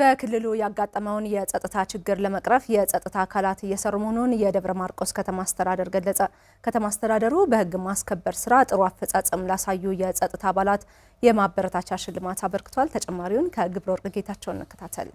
በክልሉ ያጋጠመውን የጸጥታ ችግር ለመቅረፍ የጸጥታ አካላት እየሰሩ መሆኑን የደብረ ማርቆስ ከተማ አስተዳደር ገለጸ። ከተማ አስተዳደሩ በሕግ ማስከበር ስራ ጥሩ አፈጻጸም ላሳዩ የጸጥታ አባላት የማበረታቻ ሽልማት አበርክቷል። ተጨማሪውን ከግብረ ወርቅ ጌታቸው እንከታተል።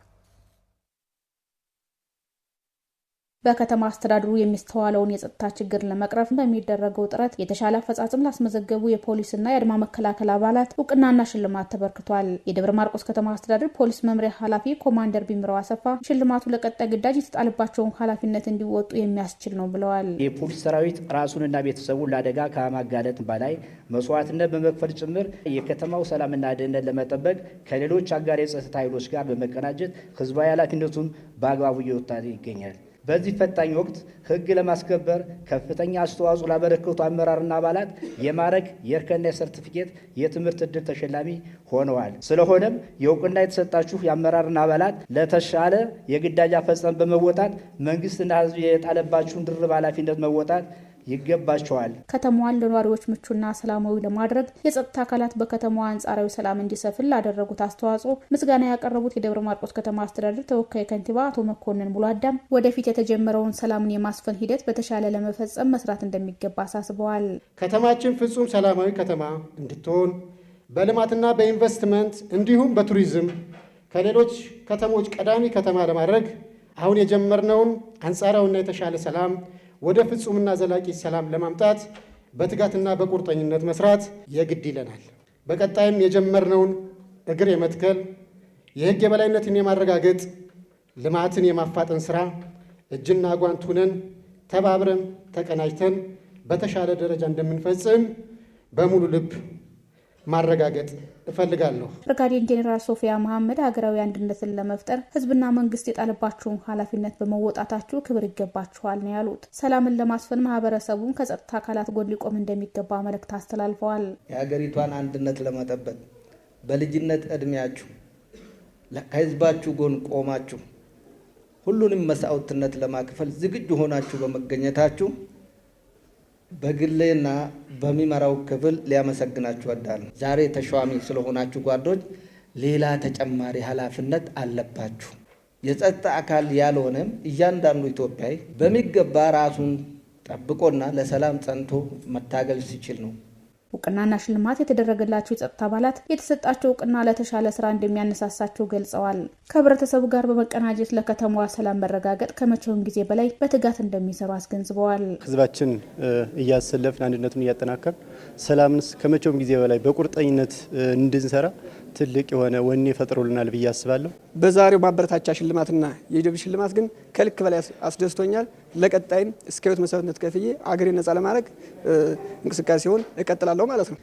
በከተማ አስተዳደሩ የሚስተዋለውን የጸጥታ ችግር ለመቅረፍ በሚደረገው ጥረት የተሻለ አፈጻጽም ላስመዘገቡ የፖሊስና የአድማ መከላከል አባላት እውቅናና ሽልማት ተበርክቷል። የደብረ ማርቆስ ከተማ አስተዳደር ፖሊስ መምሪያ ኃላፊ ኮማንደር ቢምረው አሰፋ ሽልማቱ ለቀጣይ ግዳጅ የተጣለባቸውን ኃላፊነት እንዲወጡ የሚያስችል ነው ብለዋል። የፖሊስ ሰራዊት ራሱንና ቤተሰቡን ለአደጋ ከማጋለጥ በላይ መስዋዕትነት በመክፈል ጭምር የከተማው ሰላምና ደህንነት ለመጠበቅ ከሌሎች አጋር የጸጥታ ኃይሎች ጋር በመቀናጀት ህዝባዊ ኃላፊነቱን በአግባቡ እየወጣ ይገኛል። በዚህ ፈታኝ ወቅት ህግ ለማስከበር ከፍተኛ አስተዋጽኦ ላበረከቱ አመራርና አባላት የማዕረግ የእርከና የሰርቲፊኬት የትምህርት እድል ተሸላሚ ሆነዋል። ስለሆነም የእውቅና የተሰጣችሁ የአመራርና አባላት ለተሻለ የግዳጅ አፈጻጸም በመወጣት መንግስትና ህዝብ የጣለባችሁን ድርብ ኃላፊነት መወጣት ይገባቸዋል። ከተማዋን ለነዋሪዎች ምቹና ሰላማዊ ለማድረግ የጸጥታ አካላት በከተማዋ አንጻራዊ ሰላም እንዲሰፍን ላደረጉት አስተዋጽኦ ምስጋና ያቀረቡት የደብረ ማርቆስ ከተማ አስተዳደር ተወካይ ከንቲባ አቶ መኮንን ሙሉ አዳም ወደፊት የተጀመረውን ሰላምን የማስፈን ሂደት በተሻለ ለመፈጸም መስራት እንደሚገባ አሳስበዋል። ከተማችን ፍጹም ሰላማዊ ከተማ እንድትሆን በልማትና በኢንቨስትመንት እንዲሁም በቱሪዝም ከሌሎች ከተሞች ቀዳሚ ከተማ ለማድረግ አሁን የጀመርነውን አንጻራዊና የተሻለ ሰላም ወደ ፍጹምና ዘላቂ ሰላም ለማምጣት በትጋትና በቁርጠኝነት መስራት የግድ ይለናል። በቀጣይም የጀመርነውን እግር የመትከል የህግ የበላይነትን የማረጋገጥ ልማትን የማፋጠን ስራ እጅና ጓንት ሁነን ተባብረን ተቀናጅተን በተሻለ ደረጃ እንደምንፈጽም በሙሉ ልብ ማረጋገጥ እፈልጋለሁ። ብርጋዴር ጄኔራል ሶፊያ መሐመድ ሀገራዊ አንድነትን ለመፍጠር ህዝብና መንግስት የጣለባችሁን ኃላፊነት በመወጣታችሁ ክብር ይገባችኋል ነው ያሉት። ሰላምን ለማስፈን ማህበረሰቡን ከጸጥታ አካላት ጎን ሊቆም እንደሚገባ መልእክት አስተላልፈዋል። የሀገሪቷን አንድነት ለመጠበቅ በልጅነት እድሜያችሁ ከህዝባችሁ ጎን ቆማችሁ ሁሉንም መስዋዕትነት ለማክፈል ዝግጁ ሆናችሁ በመገኘታችሁ በግሌና በሚመራው ክፍል ሊያመሰግናችሁ እወዳለሁ። ዛሬ ተሿሚ ስለሆናችሁ ጓዶች ሌላ ተጨማሪ ኃላፊነት አለባችሁ። የጸጥታ አካል ያልሆነም እያንዳንዱ ኢትዮጵያዊ በሚገባ ራሱን ጠብቆና ለሰላም ጸንቶ መታገል ሲችል ነው። እውቅናና ሽልማት የተደረገላቸው የጸጥታ አባላት የተሰጣቸው እውቅና ለተሻለ ስራ እንደሚያነሳሳቸው ገልጸዋል። ከህብረተሰቡ ጋር በመቀናጀት ለከተማዋ ሰላም መረጋገጥ ከመቼውም ጊዜ በላይ በትጋት እንደሚሰሩ አስገንዝበዋል። ህዝባችን እያሰለፍን አንድነቱን እያጠናከር ሰላምን ከመቼውም ጊዜ በላይ በቁርጠኝነት እንድንሰራ ትልቅ የሆነ ወኔ ፈጥሮልናል ብዬ አስባለሁ። በዛሬው ማበረታቻ ሽልማትና የኢዮብ ሽልማት ግን ከልክ በላይ አስደስቶኛል። ለቀጣይም እስከ ሕይወት መስዋዕትነት ከፍዬ አገሬ ነጻ ለማድረግ እንቅስቃሴውን እቀጥላለሁ ማለት ነው።